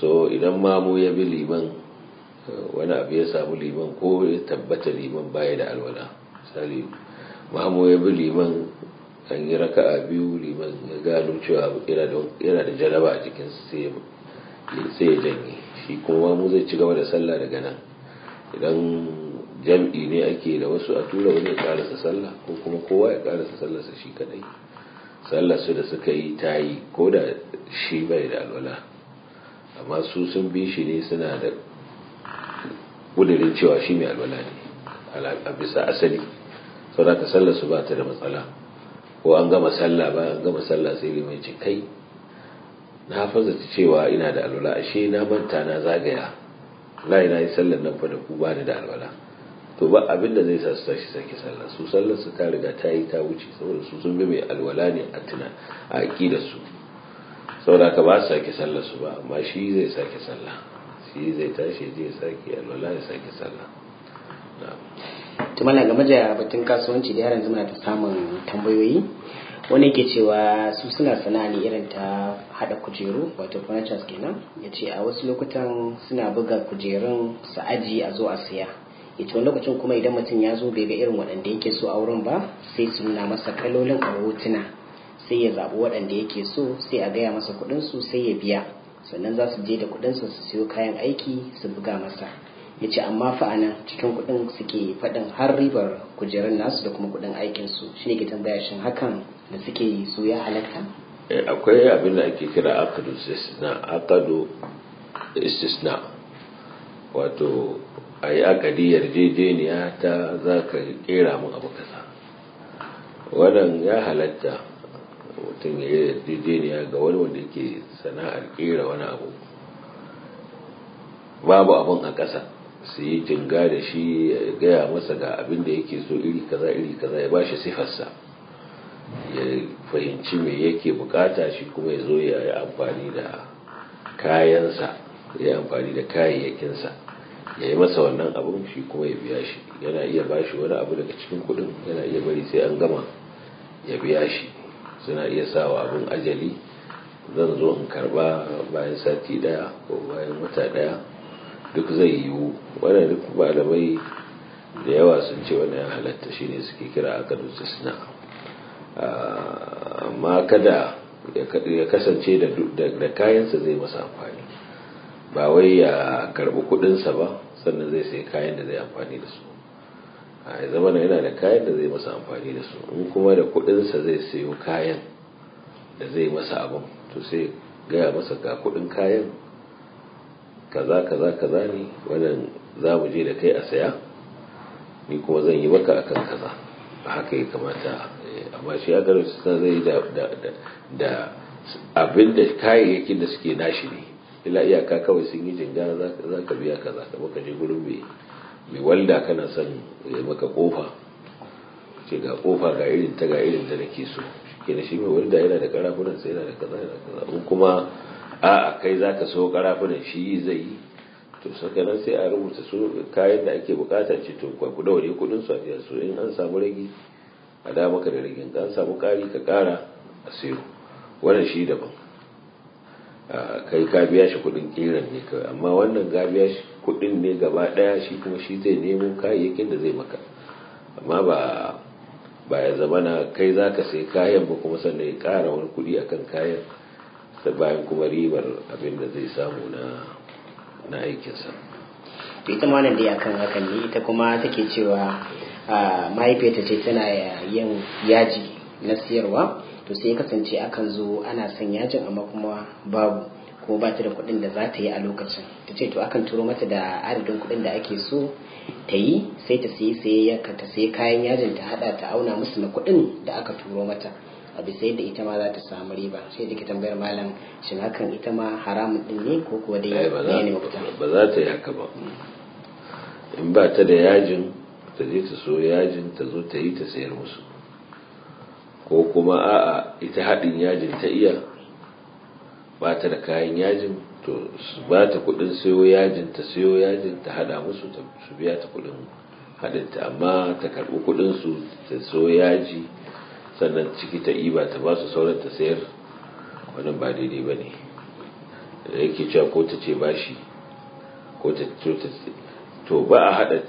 so idan mamu ya bi liman wani abu ya samu liman ko ya tabbata liman baya da alwala misali mamu ya bi liman an yi raka a biyu liman ya gano cewa yana da jaraba a cikin sai ya janye shi kuma mamu zai ci gaba da sallah daga nan idan jam'i ne ake da wasu a tura wani ya karasa sallah ko kuma kowa ya karasa sallarsa shi kadai sallah su da suka yi ta yi ko da shi bai da alwala amma su sun bi shi ne suna da kudirin cewa shi mai alwala ne a bisa asali to za ka sallar su ba ta da matsala ko an gama sallah ba an gama sallah sai limai ce kai na ta cewa ina da alwala ashe na manta na zagaya la ina yi sallar nan fa da ku ba da alwala to ba abin da zai sa su tashi sake sallah su sallar su ta riga ta yi ta wuce saboda su sun bi mai alwala ne a tuna a aqidar su saboda ka ba su sake sallar su ba amma shi zai sake sallah shi zai tashi ya je ya sake alwala ya sake sallah tumala game da batun kasuwanci da yaran muna ta samun tambayoyi wani yake cewa su suna sana'a ne irin ta hada kujeru wato furnitures kenan ya ce a wasu lokutan suna buga kujerun su aji a zo a siya ya ce wani lokacin kuma idan mutum ya zo bai ga irin waɗanda yake so a wurin ba sai su nuna masa kalolin a hotuna sai ya zaɓi waɗanda yake so sai a gaya masa kuɗinsu sai ya biya sannan za su je da kuɗinsu su siyo kayan aiki su buga masa ya ce amma fa'ana cikin kudin suke faɗin har ribar kujerun nasu da kuma kudin aikinsu shi ne ke tambaya hakan da suke yi su ya halatta? Eh, akwai abin da ake kira akadu istisna akadu istisna wato a yi akadi yarjejeniya ta za ka kera min abu kasa wannan ya halatta mutum ya yi yarjejeniya ga wani wanda ke sana'ar kera wani abu babu abun a ƙasa su yi jinga da shi ya gaya masa ga abin da yake so iri kaza iri kaza ya bashi sifarsa ya fahimci me yake bukata shi kuma ya zo ya yi amfani da kayansa ya yi amfani da kayayyakinsa ya yi masa wannan abin shi kuma ya biya shi yana iya bashi wani abu daga cikin kudin yana iya bari sai an gama ya biya shi suna iya sawa abin ajali zan zo in karba bayan sati daya ko bayan wata daya duk zai yiwu wannan duk malamai da yawa sun ce wannan ya halatta shine suke kira a kadun ah, amma kada ya kasance da kayansa zai masa amfani ba wai ya karbi kudinsa ba sannan zai sai kayan da zai amfani da su a ah, ya zama na yana da kayan da zai masa amfani da su in kuma da kudinsa zai sayo kayan da zai masa abin to sai gaya masa ga kudin kayan kaza kaza kaza ne wannan za mu je da kai a saya ni kuma zan yi maka akan kaza a haka ya kamata eh, amma shi ya garin suna zai da abin da kayayyakin da suke nashi ne ila iyaka kawai sun yi jinga za ka biya kaza ka baka je gurin mai walda kana son ya maka kofa ce ga kofa ga irin ta ga irin da nake so kenan shi mai walda yana da karafunan sai yana da kaza yana da kaza kuma a'a kai za ka so karafunan shi zai yi to saka sai a rubuta su kayan da ake bukata ce to ku wani kudin su a fiye su in an samu ragi a da maka da ragin an samu kari ka kara a siyo wannan shi daban kai ka biya shi kudin kiran ne kawai amma wannan ga shi kudin ne gaba daya shi kuma shi zai nemo kayayyakin da zai maka amma ba ba ya zama na kai za ka sai kayan ba kuma sannan ya kara wani kudi akan kayan da bayan kuma ribar abin da zai samu na aikinsa ita malam akan hakan ne ita kuma take cewa mahaifiyarta ce tana yin yaji na siyarwa to sai kasance akan zo ana son yajin amma kuma babu ko ba ta da kuɗin da za ta yi a lokacin ta ce to akan turo mata da adadin kuɗin da ake so ta yi sai ta sayi sayayya ta sayi kayan yajin ta hada ta auna musu na kuɗin da aka turo mata a bisa yadda ita ma za ta samu riba sai da ke tambayar malam shin hakan ita ma haramun din ne ko kuwa dai ya ne mafita ba za ta yi haka ba in ba ta da yajin ta je ta so yajin ta zo ta yi ta sayar musu ko kuma a'a ita haɗin yajin ta iya ba ta da kayan yajin to su ba ta kuɗin sayo yajin ta sayo yajin ta haɗa musu su biya ta kuɗin haɗinta amma ta karɓi kuɗin su ta so yaji sannan ciki ta iba ta ba su sauran ta sayar wannan ba daidai ba ne da yake cewa ko ta ce bashi ko ta ce to ba a hada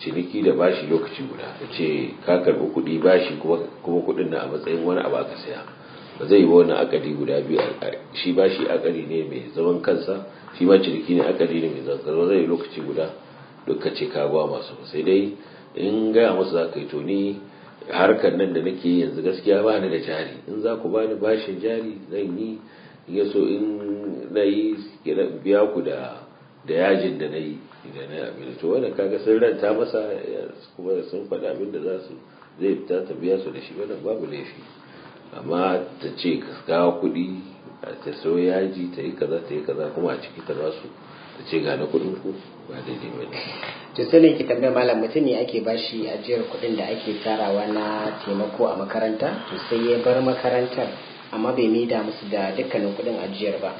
ciniki da bashi lokaci guda ta ce ka karbi kudi bashi kuma kudin na a matsayin wani abu aka saya ba zai yi wa wani akali guda biyu shi bashi akali ne mai zaman kansa shi ma ciniki ne akali ne mai zaman kansa zai lokaci guda duk ka ce ka ba masu sai dai in gaya masu za ka yi to ni harkar nan da nake yanzu gaskiya ba ni da jari in za ku bani bashin jari zan yi ya so in na yi biya ku da da yajin da na yi da na abin to wanda kaga sun ranta masa kuma sun faɗi abin da za su zai fita ta biya su da shi wannan babu laifi amma ta ce ga kuɗi ta so yaji ta yi kaza ta yi kaza kuma a ciki ta ba su ta ce ga na kuɗin ku ba daidai ki tambaya malam mutum ne ake bashi ajiyar kuɗin da ake tarawa na taimako a makaranta to sai ya bar makarantar amma bai da musu da dukkanin kuɗin ajiyar ba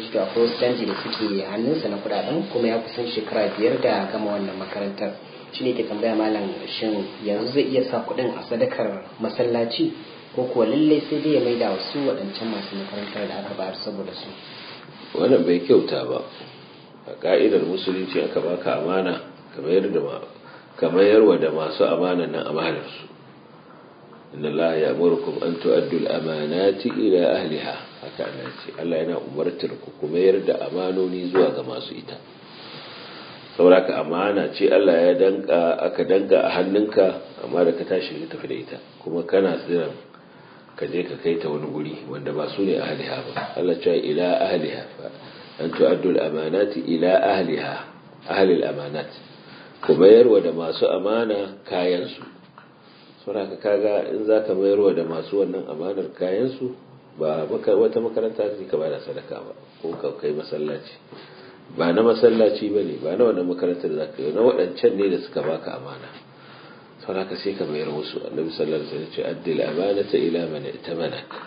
shi to akwai wasu canji da suke hannunsa na kuɗaɗen kuma ya kusan shekara biyar da gama wannan makarantar shi ne ke tambaya malam shin yanzu zai iya sa kuɗin a sadakar masallaci ko kuwa lallai sai dai ya maida wasu waɗancan masu makarantar da aka bayar saboda su wannan bai kyauta ba a ka'idar musulunci aka baka amana kamar yarwa da masu amana nan amanarsu inna la ya murkum an tu'addu al-amanati ila ahliha haka Allah ce Allah yana umartar ku kuma yarda amanoni zuwa ga masu ita saboda amana ce Allah ya danka aka danka a hannunka amma da ka tashi ka tafi da ita kuma kana tsira ka je ka kai ta wani guri wanda ba su ne ahliha ba Allah ce ila ahliha an tu'addu al-amanati ila ahliha ahli al-amanat ku mayarwa da masu amana kayan su ka kaga in zaka mayarwa da masu wannan amanar kayan su ba wata makaranta ce ka bada sadaka ba ko ka kai masallaci ba na masallaci bane ba na wannan makarantar zaka yi na wadancan ne da suka baka amana saboda sai ka mayar musu annabi sallallahu alaihi wasallam ya ce addil amanata ila man itamanaka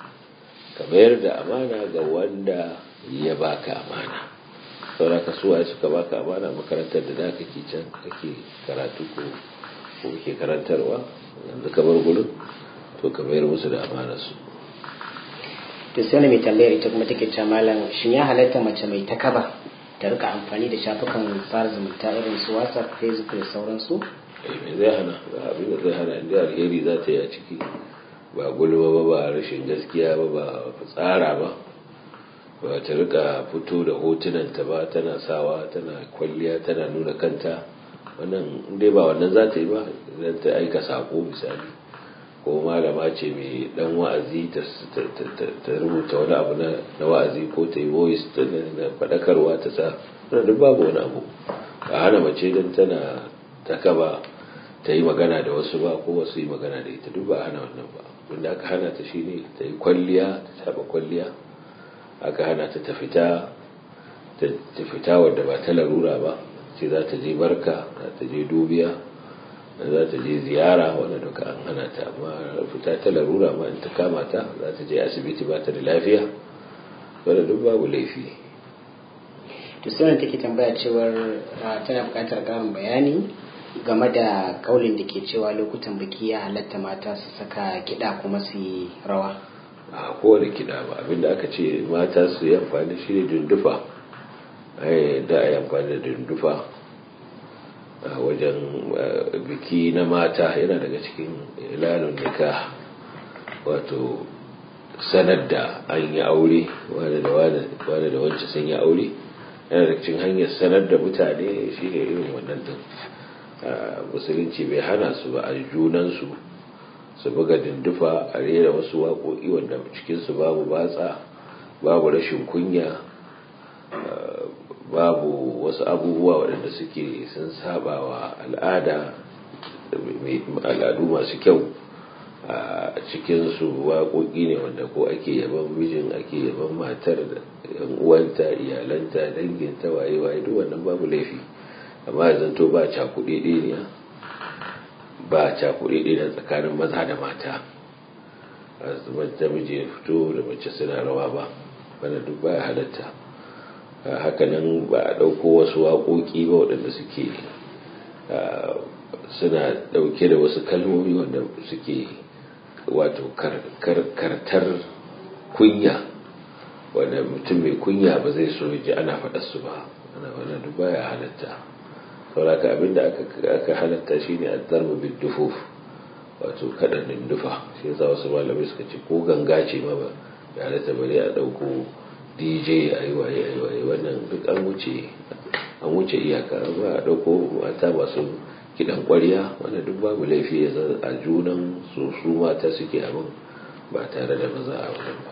ka mayar da amana ga wanda ya ka amana saura ka suwaye suka baka amana makarantar da da ke can kake karatu ko kake karantarwa yanzu ka bar to ka mayar musu da amana su to sai mai tambayar ita kuma take ta malam shin ya halatta mace mai takaba ta rika amfani da shafukan fara zumunta irin su whatsapp facebook da sauransu eh, me zai hana abin da zai hana inda alheri za ta yi a ciki ba gulma ba ba rashin gaskiya ba ba tsara ba ba ta rika fito da hotunanta ba tana sawa tana kwalliya tana nuna kanta wannan dai ba wannan za ta yi ba idan ta aika sako misali ko malama ce mai dan wa'azi ta rubuta wani abu na wa'azi ko ta yi voice ta faɗakarwa ta sa na duk babu wani abu a hana mace don tana ta kaba ta yi magana da wasu ba ko wasu yi magana da ita duk ba hana wannan ba wanda aka hana ta shine ta yi kwalliya ta taɓa kwalliya aka hana ta ta fita ta wadda ba ta larura ba ce za ta je barka za ta je dubiya za ta je ziyara wadda duka an hana ta amma fita ta larura ma in ta kama ta za ta je asibiti ba ta da lafiya wadda duk babu laifi to sai take tambaya cewar tana bukatar ƙarin bayani game da kaulin da ke cewa lokutan biki ya halatta mata su saka kiɗa kuma su yi rawa a kowane kiɗa ba abinda aka ce mata su yi amfani shi ne dundufa da a yi amfani da dundufa a wajen biki na mata yana daga cikin lalun nika wato sanar da an yi aure wane da wance sun yi aure yana daga cikin hanyar sanar da mutane shi ne irin wannan din musulunci bai hana su ba a junansu su buga dindufa a rera wasu waƙoƙi wanda cikinsu babu batsa babu rashin kunya eh, babu wasu abubuwa waɗanda suke sun saba wa al'ada al'adu masu kyau a cikinsu waƙoƙi ne wanda ko ake yaban mijin ake yaban matar yan uwanta iyalanta danginta waye waye duk wannan babu laifi amma yanzu to ba cakuɗe ɗaya ba a cakuɗe ɗaya tsakanin maza da mata ta miji ya fito da mace suna rawa ba wanda duk baya halatta hakanan ba a ɗauko wasu waƙoƙi ba waɗanda suke suna ɗauke da wasu kalmomi wanda suke wato kartar kunya wanda mutum mai kunya ba zai so ji ana faɗa su ba ana wanda duk baya halatta sauraka abinda aka halatta shi ne a zarba bin dufuf wato kaɗan dufa shi yasa wasu malamai suka ce ko ganga ce ma ba ya halatta bari a ɗauko dj a yi waye a yi waye wannan duk an wuce an wuce iyaka ba a ɗauko mata masu kiɗan ƙwarya wanda duk babu laifi ya zan a junan su su mata suke abin ba tare da maza a wurin ba.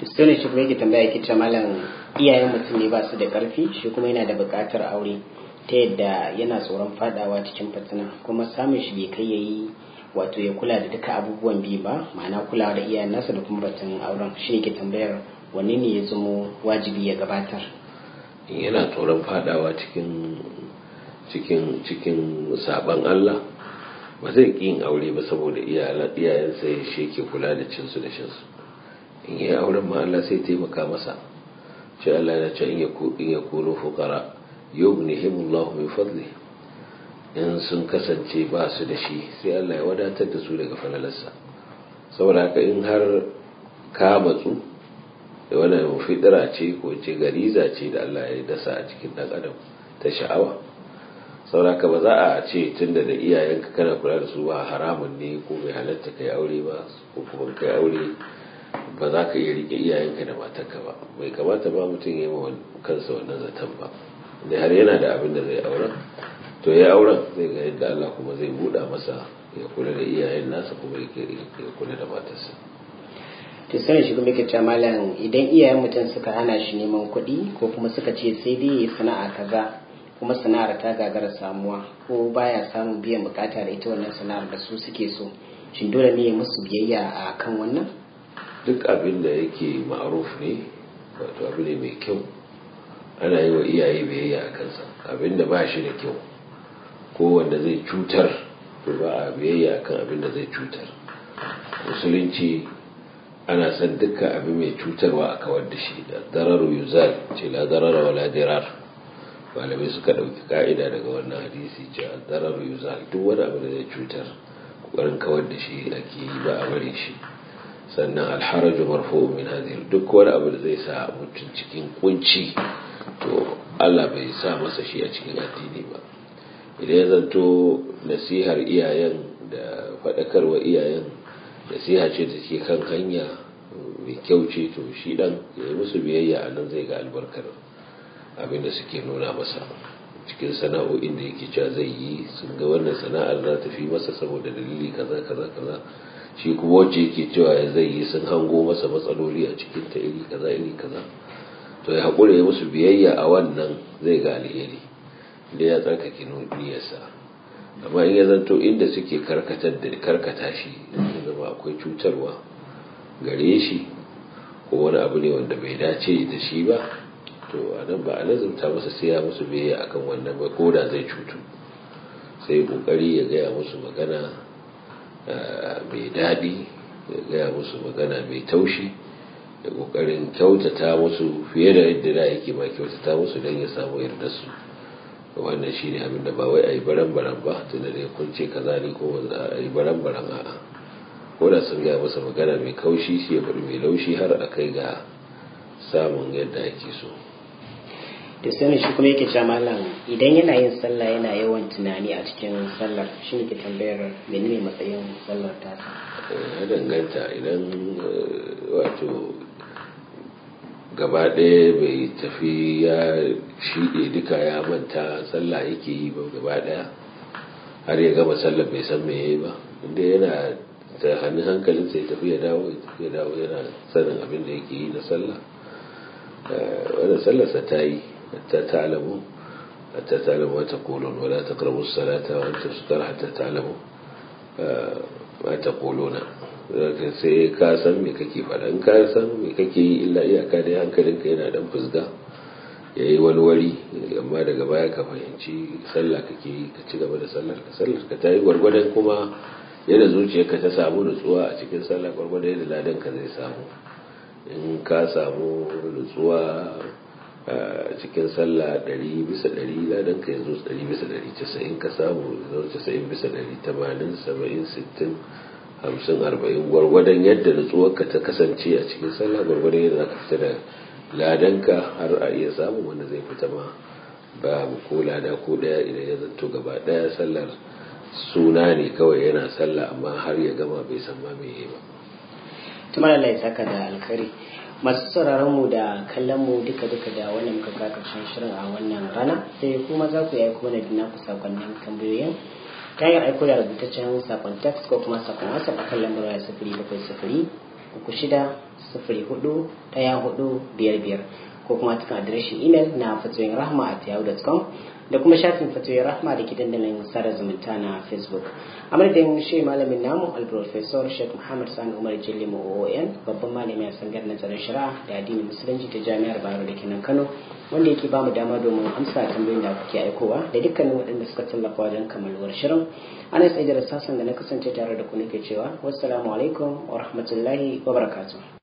Distoni shi kuma yake tambaya yake ce malam iyayen mutum ne ba su da ƙarfi shi kuma yana da buƙatar aure ta yadda yana tsoron fadawa cikin fitina kuma samun shi bai kai yayi wato ya kula da duka abubuwan biyu ba ma'ana kula da iyayen nasa da kuma batun auren shi ne ke tambayar wanne ne ya zamo wajibi ya gabatar yana tsoron fadawa cikin cikin cikin saban Allah ba zai ƙi yin aure ba saboda iyayensa ya shi ke kula da su da su in yi auren ma Allah sai taimaka masa ce Allah ya ce in ya kuro fukara yughnihim Allah min fadli in sun kasance ba su da shi sai Allah ya wadatar da su daga falalarsa saboda haka in har ka batsu da wannan mufidira ce ko ce gariza ce da Allah ya dasa a cikin dan adam ta sha'awa saboda haka ba za a ce tunda da iyayenka kana kula da su ba haramun ne ko bai halatta kai aure ba ko kuma kai aure ba za ka iya rike iyayenka da matarka ba bai kamata ba mutum ya yi wa kansa wannan zaton ba da har yana da abin da zai auren to ya auren zai ga yadda Allah kuma zai buɗa masa ya kula da iyayen nasa kuma ya kula da matarsa to sai shi kuma yake idan iyayen mutum suka hana shi neman kuɗi ko kuma suka ce sai dai ya sana'a kaza kuma sana'ar ta gagara samuwa ko baya samun biyan bukata da ita wannan sana'ar da su suke so shin dole ne ya musu biyayya a kan wannan duk abin da yake ma'aruf ne wato abu ne mai kyau ana yi wa iyaye biyayya a kansa abinda ba shi da kyau ko wanda zai cutar to ba a biyayya akan abinda zai cutar musulunci ana san dukkan abin mai cutarwa a kawar da shi da dararu yuzal ce la wa la dirar malamai suka ɗauki ka'ida daga wannan hadisi ce a dararu duk wani abu da zai cutar kokarin kawar da shi ake yi ba a bari shi sannan alharaju marfu'u min duk wani abu da zai sa mutum cikin kunci to Allah bai sa masa shi a cikin addini ba idan ya zanto nasihar iyayen da faɗakarwa iyayen nasiha ce da ke kan hanya mai kyau ce to shi ɗan ya yi musu biyayya a nan zai ga albarkar abin da suke nuna masa cikin sana'o'in da yake ja zai yi sun ga wannan sana'ar za tafi masa saboda dalili kaza kaza kaza shi kuma wacce yake cewa ya zai yi sun hango masa matsaloli a cikin ta iri kaza iri kaza to ya haƙure musu biyayya a wannan zai ga alheri da ya tsarkake niyyarsa amma in ya zanto inda suke karkatar da karkata shi zama akwai cutarwa gare shi ko wani abu ne wanda bai dace da shi ba to a nan ba a lazumta masa sai ya musu biyayya akan wannan ba ko da zai cutu sai kokari ya gaya musu magana eh, mai daɗi ya gaya musu magana mai taushi da kokarin kyautata musu fiye da yadda da yake ba kyautata musu don ya samu yarda su wannan shi ne abinda ba wai a yi baran-baran ba tunda da ya kunce ka ne ko a yi baran-baran a ko da sun gaya masa magana mai kaushi shi ya bari mai laushi har a kai ga samun yadda ake so da sani shi kuma yake cewa malam idan yana yin sallah yana yawan tunani a cikin sallar shi ne ke tambayar menene matsayin sallar ta eh, ya danganta idan eh, wato gaba ɗaya bai tafi ya shiɗe duka ya manta sallah yake yi ba gaba ɗaya har ya gama sallar bai san me yi ba inda yana da hannun hankalin sai tafi ya dawo ya tafi ya dawo yana sanin abin da yake yi na sallah eh, wadda sallarsa ta yi ta talabo ta talamu wata kolon wadda ta karbu salata wadda su hatta talamu mata kolona sai ka san me kake in ka san me kake yi illa iyaka da hankalinka yana dan fusga ya yi wani amma daga baya ka fahimci sallah kake yi ka ci gaba da sallar ka sallar ka ta yi gwargwadon kuma yadda zuciyarka ta samu nutsuwa a cikin sallah gwargwadon yadda ladan ka zai samu in ka samu nutsuwa cikin sallah 100 bisa 100 ladan ka yanzu 100 bisa 90 ka samu yanzu 90 bisa ɗari tamanin saba'in sittin hamsin arba'in gwargwadon yadda nutsuwarka ta kasance a cikin sallah gwargwadon yadda za ka fita da ladanka har a iya samu wanda zai fita ma mu ko lada ko ɗaya idan ya zanto gaba ɗaya sallar suna ne kawai yana sallah amma har ya gama bai san ma me ba. Tumar Allah ya saka da alkhari. masu sauraron mu da kallon mu duka duka da wannan muka ka karshen shirin a wannan rana sai kuma za ku yi aiko na dina ku sakonnin tambayoyin ta yin aiko da rubutaccen sakon text ko kuma sakon whatsapp akan lambar waya sifiri bakwai sifiri uku shida sifiri hudu ɗaya hudu biyar biyar ko kuma cikin adireshin imel na fatoyin rahma at yahoo.com da kuma shafin fatoyi rahma da gidan da dandalin sada zumunta na facebook a madadin shi malamin namu alprofesor sheikh muhammad sani umar jilli oon babban malami a sangar nazarin shari'a da addinin musulunci ta jami'ar bayero da kenan kano wanda yake bamu dama domin amsa tambayoyin da kuke aikowa da dukkanin waɗanda suka tallafa wajen kammaluwar shirin ana tsaye da sassan da na kasance tare da ku nake cewa wassalamu alaikum wa rahmatullahi wa barakatuh